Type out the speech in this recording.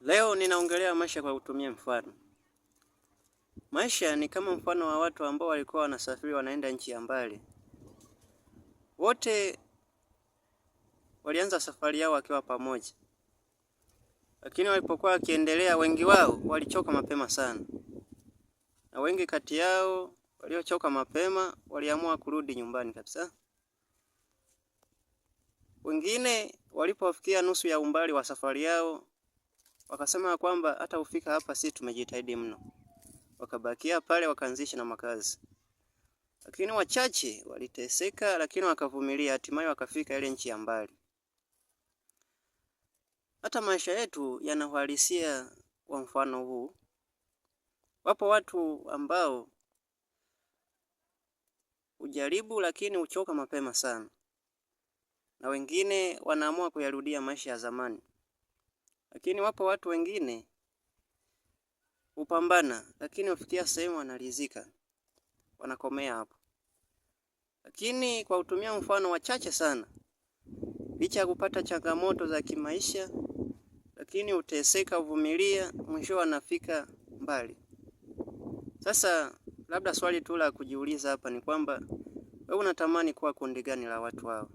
Leo ninaongelea maisha kwa kutumia mfano. Maisha ni kama mfano wa watu ambao walikuwa wanasafiri wanaenda nchi ya mbali. Wote walianza safari yao wakiwa pamoja, lakini walipokuwa wakiendelea, wengi wao walichoka mapema sana, na wengi kati yao waliochoka mapema waliamua kurudi nyumbani kabisa. Wengine walipofikia nusu ya umbali wa safari yao Wakasema kwamba hata ufika hapa sisi tumejitahidi mno, wakabakia pale, wakaanzisha na makazi, lakini wachache waliteseka, lakini wakavumilia, hatimaye wakafika ile nchi ya mbali. Hata maisha yetu yanahalisia kwa mfano huu. Wapo watu ambao ujaribu lakini uchoka mapema sana, na wengine wanaamua kuyarudia maisha ya zamani. Lakini wapo watu wengine hupambana, lakini hufikia sehemu wanalizika, wanakomea hapo. Lakini kwa kutumia mfano wachache sana, licha ya kupata changamoto za kimaisha, lakini uteseka, uvumilia, mwisho wanafika mbali. Sasa labda swali tu la kujiuliza hapa ni kwamba wewe unatamani kuwa kundi gani la watu hao?